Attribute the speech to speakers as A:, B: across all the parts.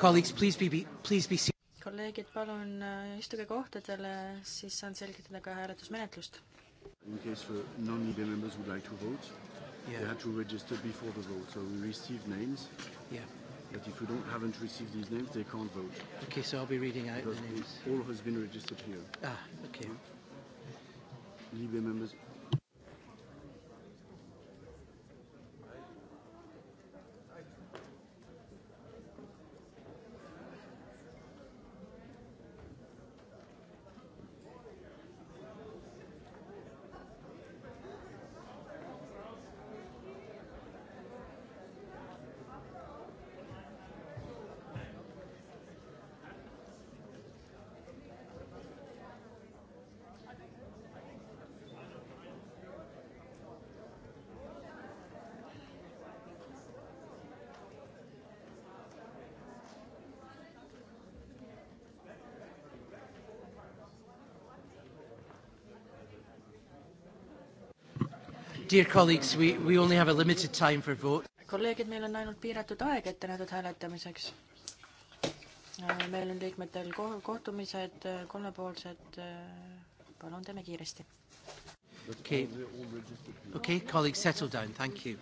A: kolleegid,
B: palun äh, istuge kohtadele, siis saan selgitada ka hääletusmenetlust.
A: In case the uh, non-legal members would like to vote yeah. they had to register before the vote. So we received names. Yeah. But if you don't haven't received these names, they can't vote. Okay, so I'll be reading out because the names. All has been registered here. Ah, okay. Libe members Dear colleagues, we, we only have a limited time for vote.
B: kolleegid, meil on ainult piiratud aeg ette nähtud hääletamiseks. Äh, meil on liikmetel kohtumised, äh, kolmepoolsed, äh, palun teeme kiiresti.
A: okei, okei, colleagues, settle down, thank you.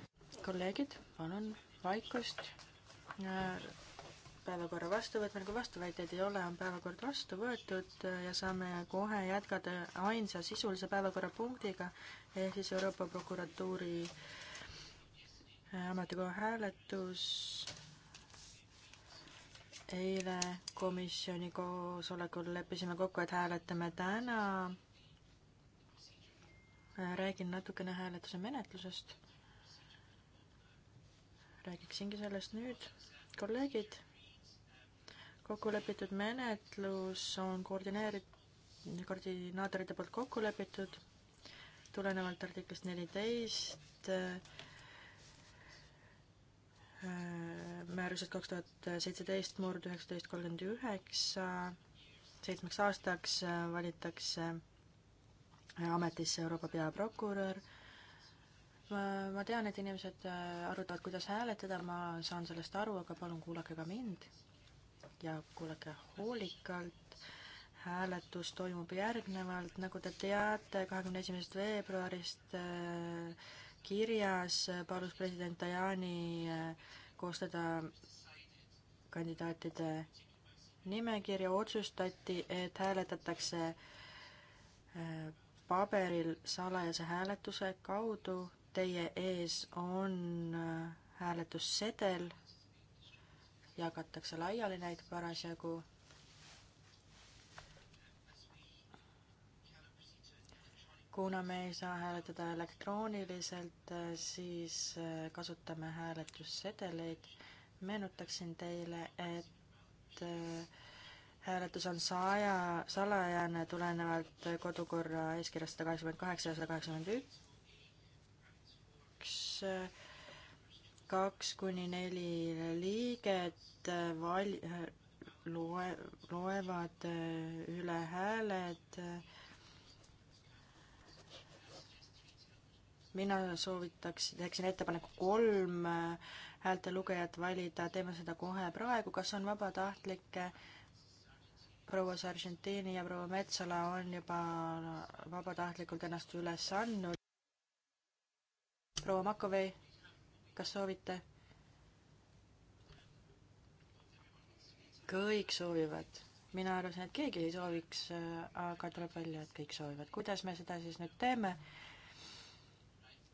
B: kolleegid, palun vaikust päevakorra vastuvõtmine, kui vastuväiteid ei ole, on päevakord vastu võetud äh, ja saame kohe jätkata ainsa sisulise päevakorrapunktiga, ehk siis Euroopa Prokuratuuri äh, ametikoha hääletus. eile komisjoni koosolekul leppisime kokku, et hääletame täna. Äh, räägin natukene hääletuse menetlusest. räägiksingi sellest nüüd kolleegid kokku lepitud menetlus on koordineerit-, koordinaatorite poolt kokku lepitud tulenevalt artiklist neliteist äh, määrused kaks tuhat seitseteist murd üheksateist kolmkümmend üheksa seitsmeks aastaks äh, valitakse äh, ametisse Euroopa peaprokurör. ma, ma tean, et inimesed arutavad, kuidas hääletada, ma saan sellest aru, aga palun kuulake ka mind ja kuulake hoolikalt. hääletus toimub järgnevalt, nagu te teate, kahekümne esimesest veebruarist äh, kirjas äh, palus president Tajani äh, koostada kandidaatide nimekirja, otsustati, et hääletatakse paberil salajase hääletuse kaudu. Teie ees on hääletussedel jagatakse laiali neid parasjagu. kuna me ei saa hääletada elektrooniliselt, siis äh, kasutame hääletussedeleid. meenutaksin teile, et äh, hääletus on saja, salajane tulenevalt kodukorra eeskirjast sada kaheksakümmend kaheksa ja sada kaheksakümmend üks kaks kuni neli liiget äh, val-, äh, loe, loevad äh, üle hääled. mina soovitaks, teeksin ettepaneku kolm häältelugejat valida, teeme seda kohe praegu, kas on vabatahtlikke? proua Sargentini ja proua Metsala on juba vabatahtlikult ennast üles andnud. proua Makovei kas soovite? kõik soovivad. mina arvasin, et keegi ei sooviks, aga tuleb välja, et kõik soovivad. kuidas me seda siis nüüd teeme?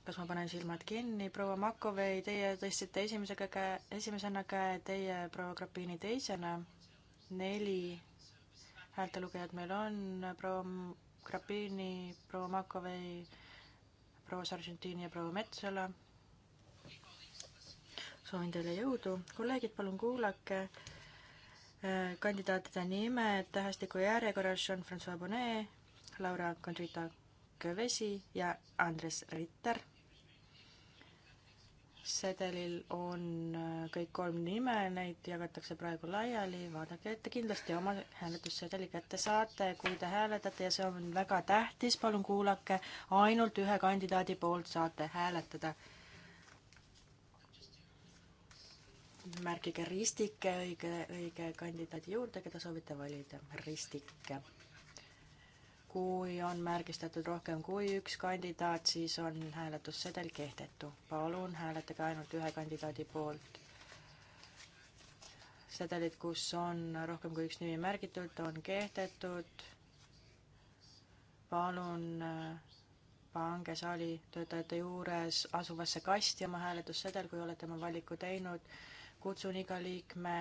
B: kas ma panen silmad kinni, proua Makovei, teie tõstsite esimesega käe, esimesena käe, teie, proua Grapini, teisena. neli häältelugejat meil on, proua Grapini, proua Makovei, proua Sargentini ja proua Metsala soovin teile jõudu. kolleegid, palun kuulake äh, kandidaatide nimed tähestiku järjekorras Jean-Francois Bonnet, Laura Conchita Kövesi ja Andres Ritter. sedelil on äh, kõik kolm nime, neid jagatakse praegu laiali, vaadake, et te kindlasti oma hääletussedeli kätte saate, kui te hääletate ja see on väga tähtis, palun kuulake, ainult ühe kandidaadi poolt saate hääletada märkige ristike õige, õige kandidaadi juurde, keda soovite valida, ristike. kui on märgistatud rohkem kui üks kandidaat, siis on hääletussedel kehtetu. palun hääletage ainult ühe kandidaadi poolt. sedelid, kus on rohkem kui üks nimi märgitud, on kehtetud. palun äh, pange saali töötajate juures asuvasse kasti oma hääletussedel, kui olete oma valiku teinud kutsun iga liikme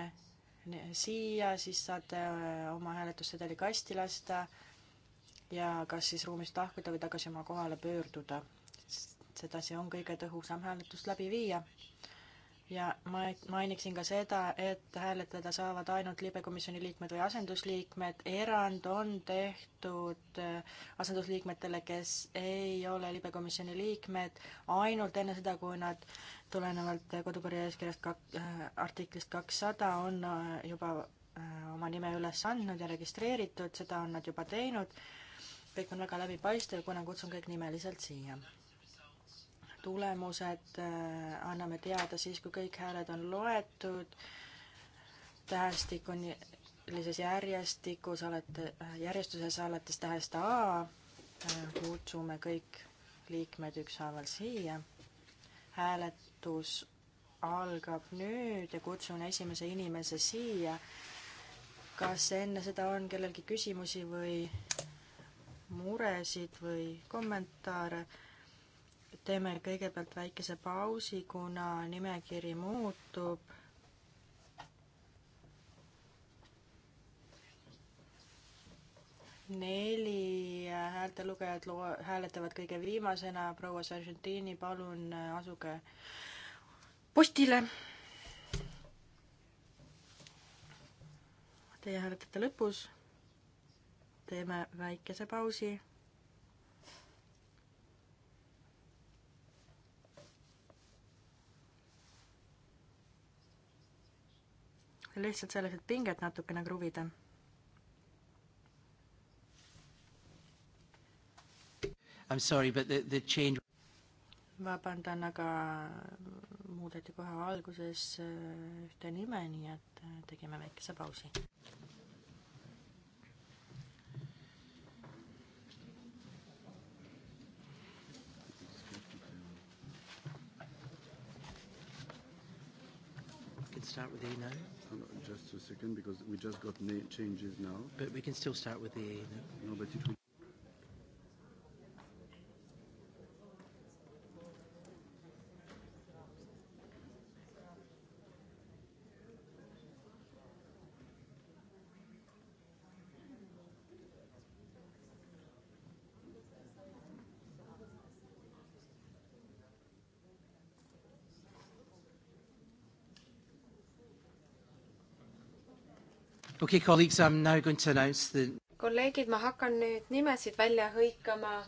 B: siia, siis saate äh, oma hääletussedeli kasti lasta ja kas siis ruumist lahkuda või tagasi oma kohale pöörduda. sedasi on kõige tõhusam hääletust läbi viia. ja ma mainiksin ka seda, et hääletada saavad ainult libekomisjoni liikmed või asendusliikmed. erand on tehtud äh, asendusliikmetele, kes ei ole libekomisjoni liikmed, ainult enne seda, kui nad tulenevalt kodukorra eeskirjast kak-, äh, artiklist kakssada on äh, juba äh, oma nime üles andnud ja registreeritud, seda on nad juba teinud, kõik on väga läbipaistev, kuna kutsun kõik nimeliselt siia. tulemused anname teada siis, kui kõik hääled on loetud, tähestik on sellises järjestikus olete, järjestuses alates tähest A, kutsume kõik liikmed ükshaaval siia, hääled hääletus algab nüüd ja kutsun esimese inimese siia. kas enne seda on kellelgi küsimusi või muresid või kommentaare? teeme kõigepealt väikese pausi, kuna nimekiri muutub neli häältelugejat loo-, hääletavad kõige viimasena, proua Sargentini, palun äh, asuge postile. Teie hääletate lõpus. teeme väikese pausi lihtsalt selleks, et pinget natukene kruvida
A: I am sorry, but the, the change
B: vabandan, aga äh, muudeti kohe alguses äh, ühte nime, nii et äh, tegime väikese pausi.
A: Can start with A now. Just a second, because we just got name changes now. But we can still start with the A. No, no but it will. okay, colleagues, I am now going to announce the
C: kolleegid, ma hakkan nüüd nimesid välja hõikama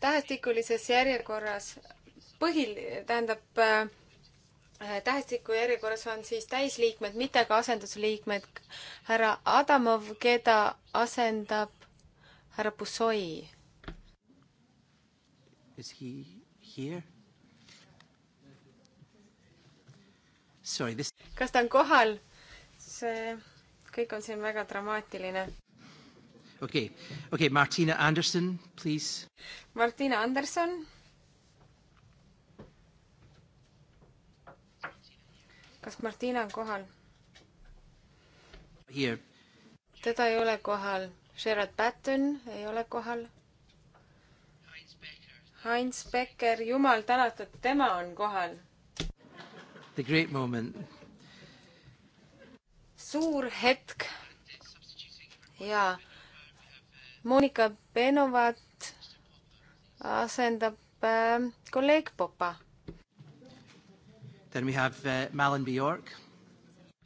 C: tähestikulises järjekorras. põhil, tähendab äh, tähestiku järjekorras on siis täisliikmed, mitte ka asendusliikmed. härra Adamov, keda asendab härra Bussoi?
A: Is he here? Sorry, this...
C: kas ta on kohal? see kõik on siin väga dramaatiline.
A: okei okay., okei okay,, Martina Anderson, please.
C: Martina Anderson. kas Martina on kohal? teda ei ole kohal. Gerard Patton ei ole kohal. Heinz Becker, jumal tänatud, tema on kohal.
A: The great moment
C: suur hetk ja Monika Benovat asendab äh, kolleeg Popa.
A: Then we have uh, Malin Bjork.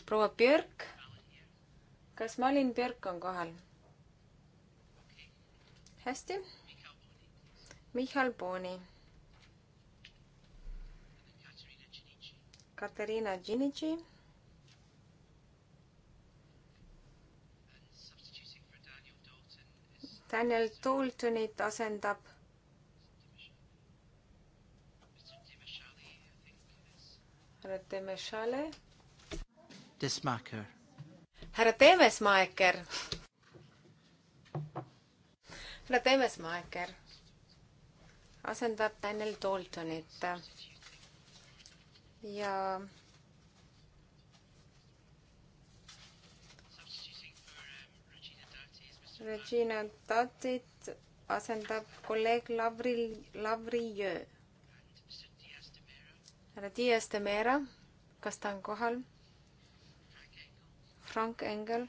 C: proua Björk. kas Malin Björk on kohal? hästi. Michal Booni. Katariina Džinitši Daniel Daltonit asendab härra Temešale.
A: Desmaker.
C: härra Temesmaeker. härra Temesmaeker asendab Daniel Daltonit ja Regina Tatit asendab kolleeg Lavril, Lavrijõe. härra Dias de Mera, kas ta on kohal? Frank Engel.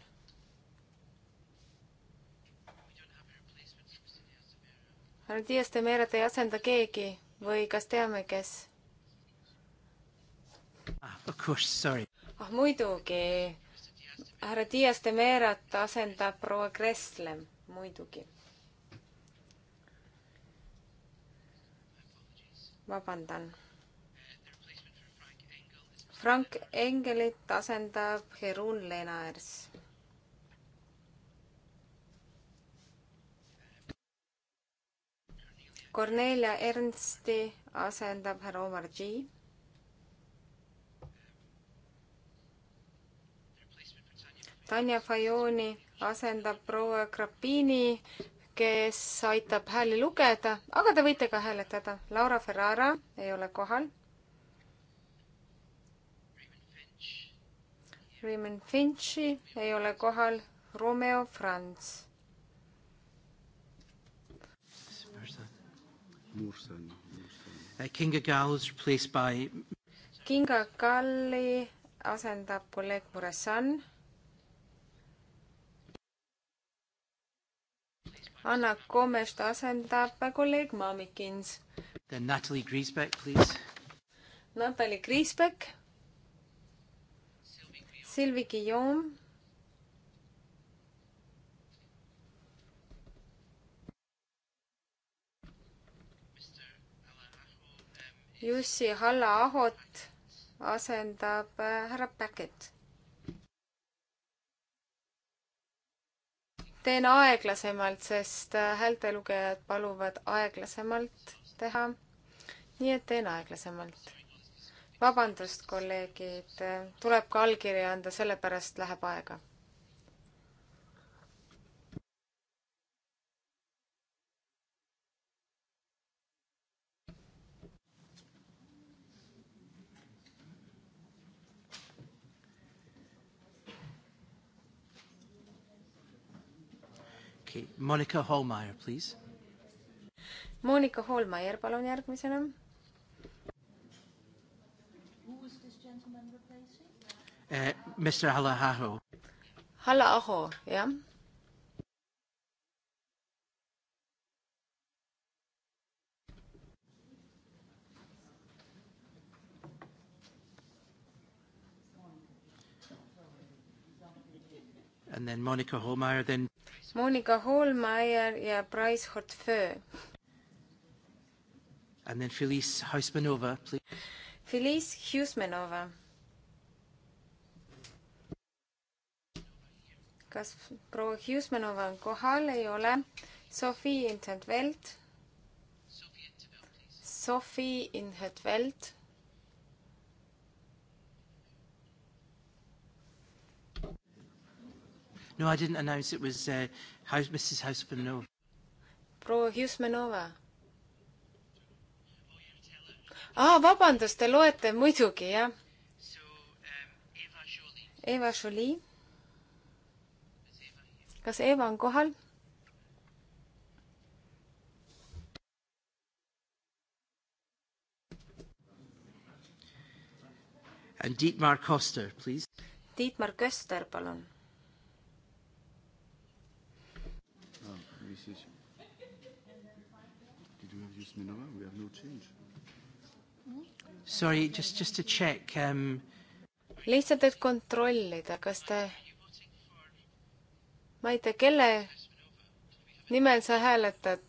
C: härra Dias de Mera, te ei asenda keegi või kas teame, kes?
A: ah,
C: ah muidugi härra Dias de Merat asendab proua Kressle, muidugi. vabandan. Frank Engelit asendab Herun Lenaers. Cornelia Ernsti asendab härra Omar G Tanja Fajoni asendab proua Krapini, kes aitab hääli lugeda, aga te võite ka hääletada. Laura Ferrara ei ole kohal. Raymond Finchi ei ole kohal. Romeo Franz.
A: Murson. Uh, Kinga Gals replaced by.
C: Kinga Kalli asendab kolleeg Muresan Anna Komest asendab kolleeg Maamikins.
A: Then Natalie Griesbeck, please.
C: Natalie Griesbeck. Sylvie Guillaume. Jussi Halla-Ahot asendab äh, härra Päkit teen aeglasemalt, sest äh, häältelugejad paluvad aeglasemalt teha. nii et teen aeglasemalt. vabandust, kolleegid, äh, tuleb ka allkiri anda, sellepärast läheb aega
A: Monika Holmeier, please.
C: Monika Holmeier, palun järgmisena.
A: Uh, Mr Halahaho.
C: Halaho, jah.
A: and then Monica Holmeyer, then
C: Monika Hoolmeier ja Price Hortefeux.
A: And then Felice Huismanova, please.
C: Felice Huismanova. kas proua Huismanova on kohal, ei ole. Sophie Intvelt. Sophie Intvelt.
A: No, I didn't announce it was uh, House, Mrs. Housemanova.
C: proua Husmanova. aa, ah, vabandust, te loete muidugi, jah. Eva Jolie. kas Eva on kohal?
A: And Dietmar Koster, please.
C: Dietmar Köster, palun is. Did you have just Minova? We have no change.
A: Sorry, just, just to check um....
C: lihtsalt, et kontrollida, kas te, ma ei tea, kelle nimel sa hääletad,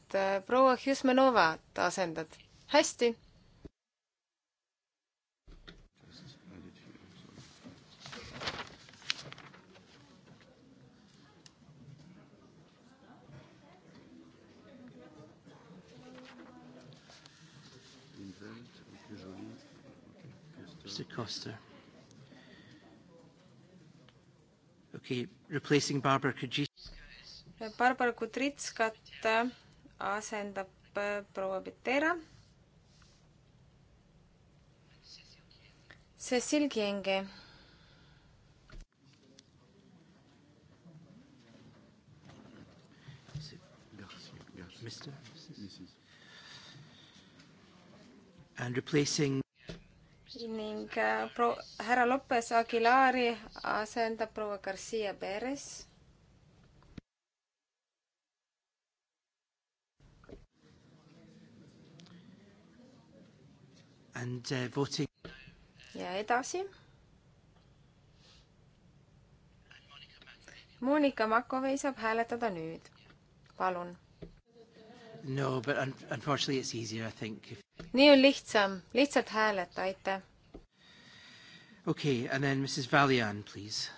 C: proua Hjusmenovat asendad? hästi
A: Costa. Okay, replacing Barbara Kudritska.
C: Barbara Kudritskat äh, asendab äh, proua Pitera. Cecil Kienge.
A: Mr. And replacing
C: ning äh, pro-, härra Lopes Aguilari asendab proua Garcia Perez.
A: Äh,
C: ja edasi. Monika Makovei saab hääletada nüüd. palun no,. nii on lihtsam, lihtsalt hääleta, aitäh
A: okei okay,, and then Mrs Valian, please.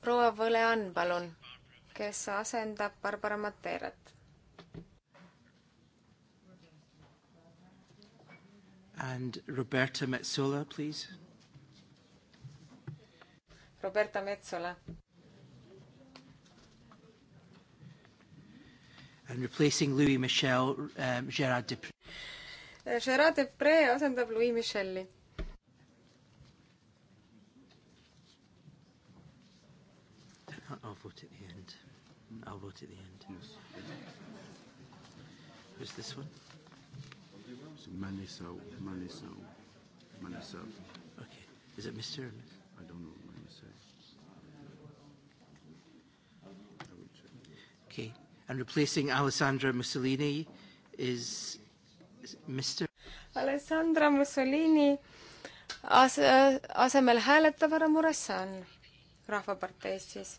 C: proua Võlean, palun, kes asendab Barbara Mateerat.
A: And Roberta Metsola, please.
C: Roberta Metsola.
A: and replacing Louis Michel, um, uh, Gerard Depré.
C: Gerard Depré asendab Louis Michel'i
A: vote at the end. I'll vote at the end. Yes. Who's this one? Manisau. Manisau. Manisau. Okay. Is it Mr. or Miss? I don't know what Manisau. Okay. And replacing Alessandra Mussolini is, is Mr.
C: Alessandra Mussolini ase, asemel hääletab härra Muressan Rahvaparteist siis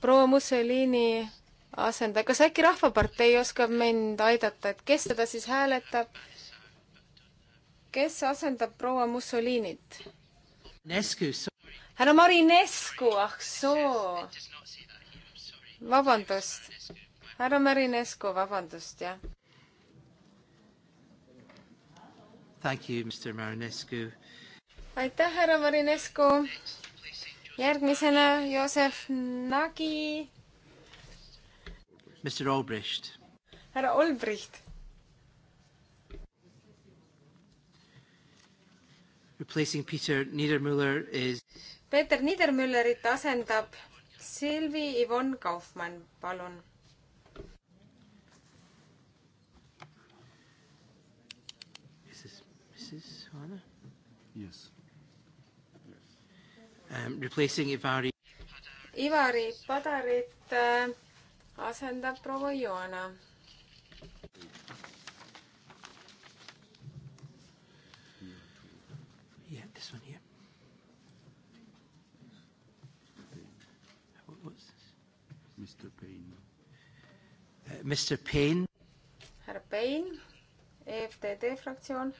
C: proua Mussolini asendaja, kas äkki Rahvapartei oskab mind aidata, et kes teda siis hääletab? kes asendab proua Mussolinit? härra Marinescu, ah soo. vabandust, härra Marinescu, vabandust, jah. aitäh, härra Marinescu järgmisena Joosef Nagi.
A: Mr Albrecht.
C: härra Albrecht.
A: Replacing Peter Niedermüller is.
C: Peeter Niedermüllerit asendab Silvi Yvonne Kaufmann, palun.
A: Mrs. Mrs. Hanna? Yes um, replacing Ivari.
C: Ivari Padarit äh, asendab proua Joana.
A: Yeah, this one here. What was this? Mr. Payne. Uh, Mr. Payne.
C: härra Payne, EFTD fraktsioon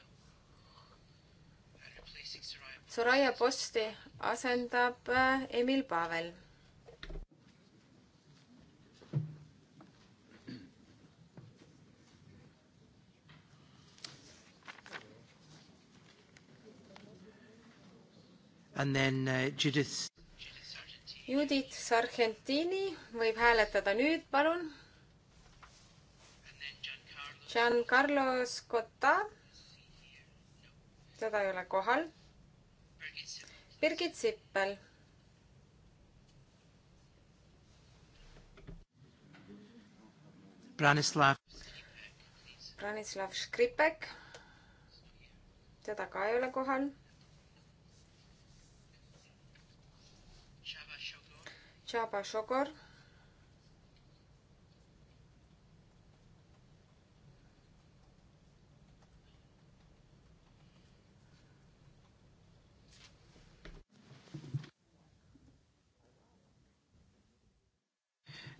C: Soraya Posti asendab äh, Emil Pavel.
A: And then uh, Judith.
C: Judith Sargentini võib hääletada nüüd, palun. Giancarlo Scotta. teda ei ole kohal Birgit Sippel. Branislav. Branislav Škripek. teda ka ei ole kohal. Tšaba Šogor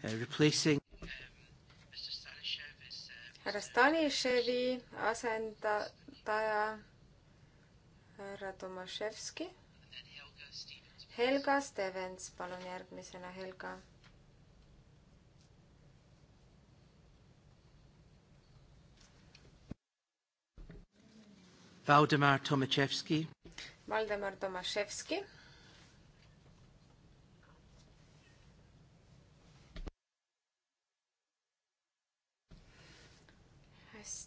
A: Uh, replacing
C: härra Staniševi asendaja, härra Tomaševski. Helga Stevens, palun järgmisena, Helga.
A: Valdemar Tomaševski.
C: Valdemar Tomaševski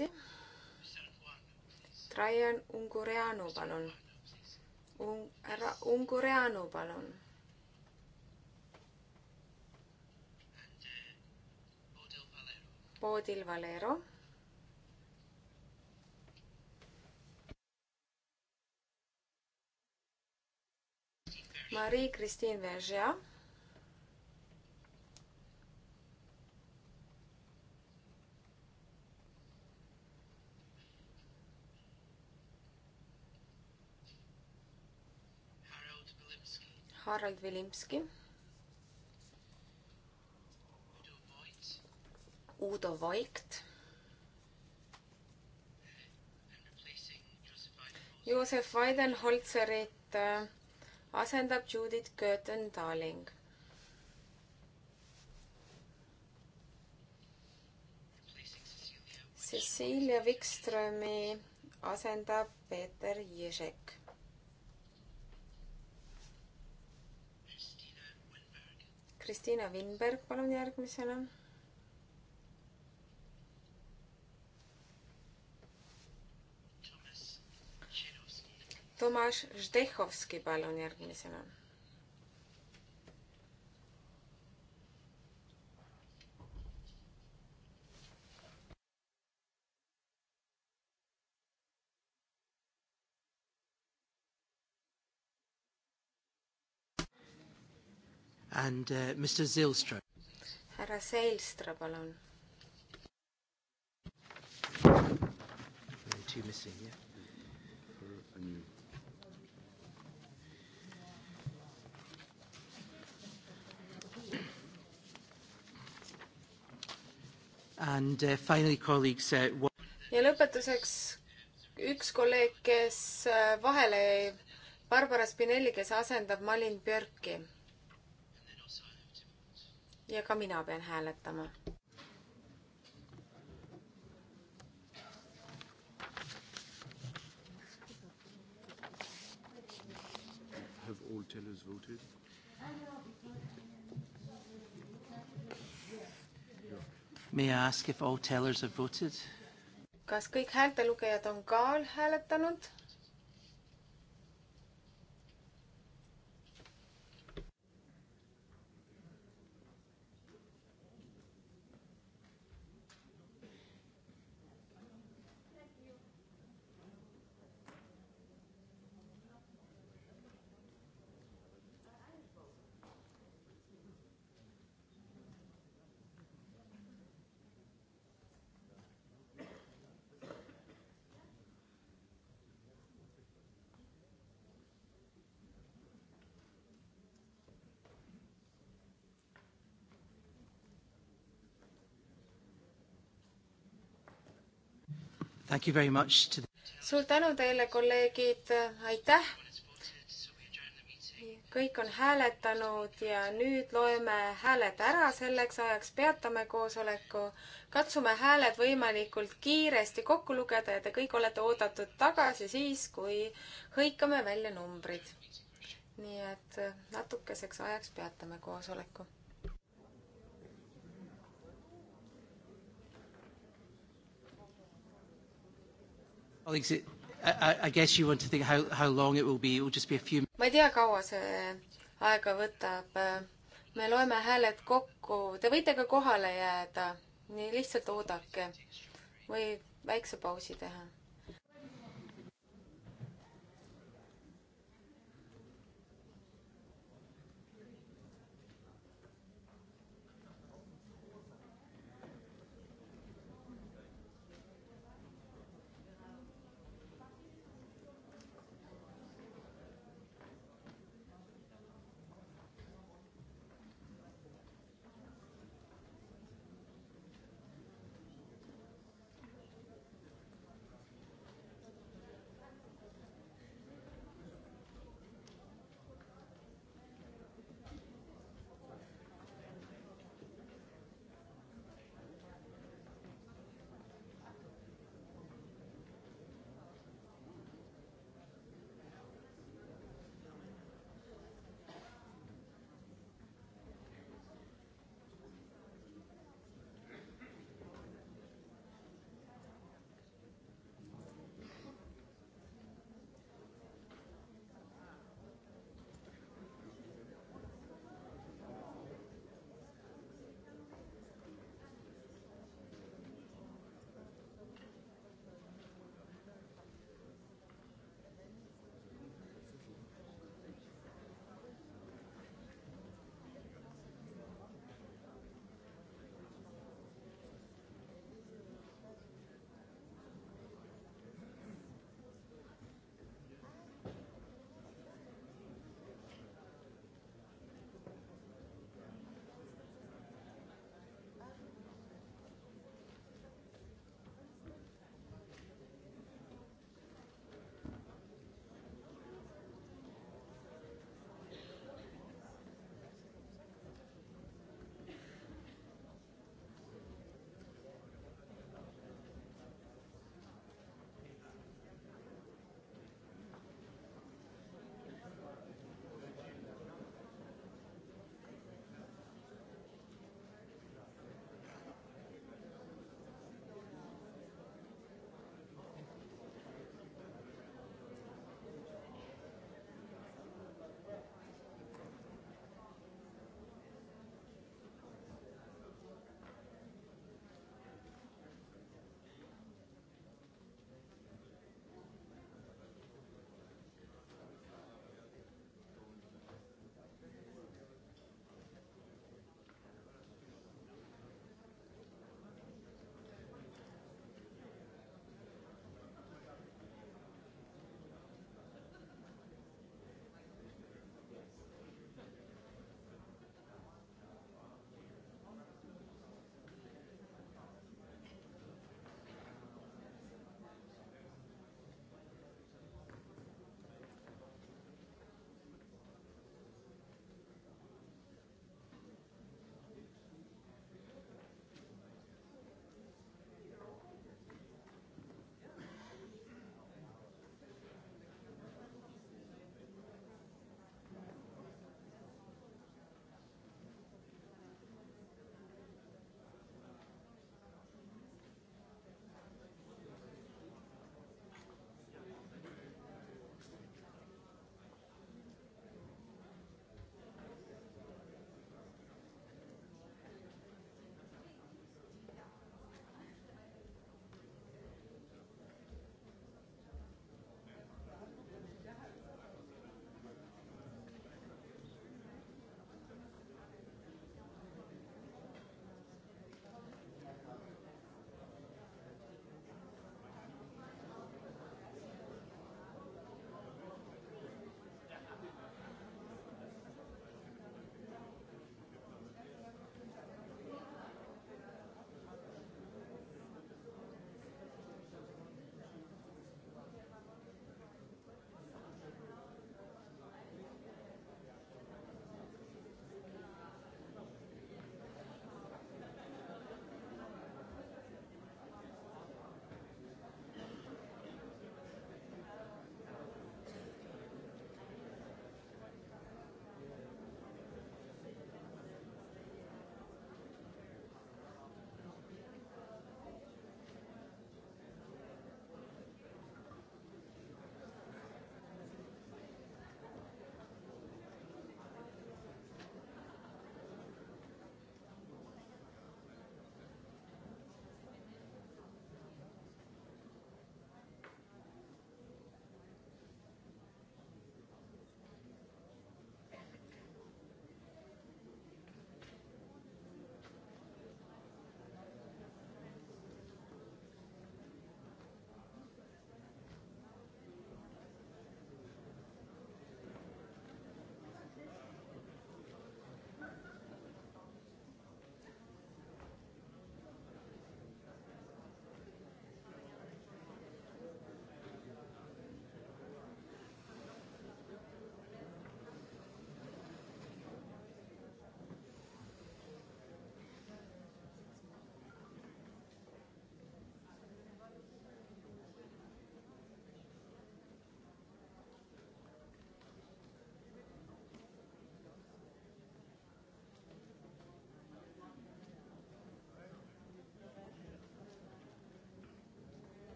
C: hästi. Traian Ungureanu, palun. Un-, härra Ungureanu, palun. Poodil Valero. Marie-Christine Vergea Harald Vilimski. Udo Voigt. Joosef Weidenholzerit äh, asendab Judith Köten-Daling. Cecilia Wikströmi asendab Peeter Ježek Kristiina Vinberg, palun järgmisena. Tomasz Ždehovski, palun järgmisena
A: and uh, Mr Zilstra.
C: härra Zilstra, palun. Two missing, yeah.
A: And uh, finally, colleagues, uh, what...
C: ja lõpetuseks üks kolleeg, kes uh, vahele jäi, Barbara Spinelli, kes asendab Malin Björki ja ka mina pean hääletama.
A: Have all tellers voted? May I ask if all tellers have voted?
C: kas kõik häältelugejad on ka hääletanud? suur tänu teile, kolleegid, aitäh! kõik on hääletanud ja nüüd loeme hääled ära, selleks ajaks peatame koosoleku. katsume hääled võimalikult kiiresti kokku lugeda ja te kõik olete oodatud tagasi siis, kui hõikame välja numbrid. nii et natukeseks ajaks peatame koosoleku
A: ma ei tea,
C: kaua see aega võtab. me loeme hääled kokku, te võite ka kohale jääda, nii lihtsalt oodake või väikse pausi teha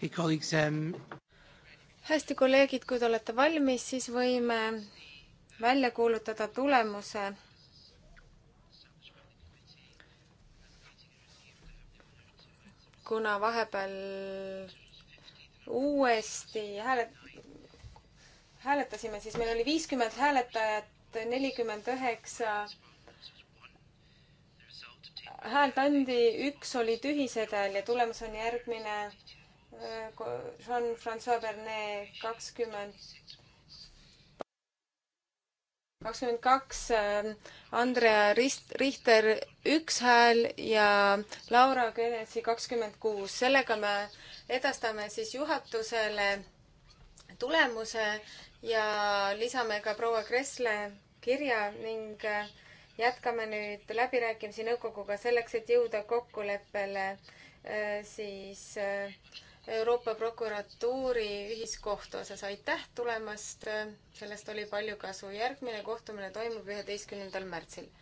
A: Um,
C: hästi, kolleegid, kui te olete valmis, siis võime välja kuulutada tulemuse. kuna vahepeal uuesti hääled, hääletasime, siis meil oli viiskümmend hääletajat, nelikümmend üheksa häält andi, üks oli tühisedel ja tulemus on järgmine. Jean-Francois Bernet kakskümmend, kakskümmend kaks, äh, Andrea Rist-, Richter üks hääl ja Laura Genesi kakskümmend kuus. sellega me edastame siis juhatusele tulemuse ja lisame ka proua Kressle kirja ning äh, jätkame nüüd läbirääkimisi nõukoguga selleks, et jõuda kokkuleppele äh, siis äh, Euroopa prokuratuuri ühiskohtu osas. aitäh tulemast, sellest oli palju kasu. järgmine kohtumine toimub üheteistkümnendal märtsil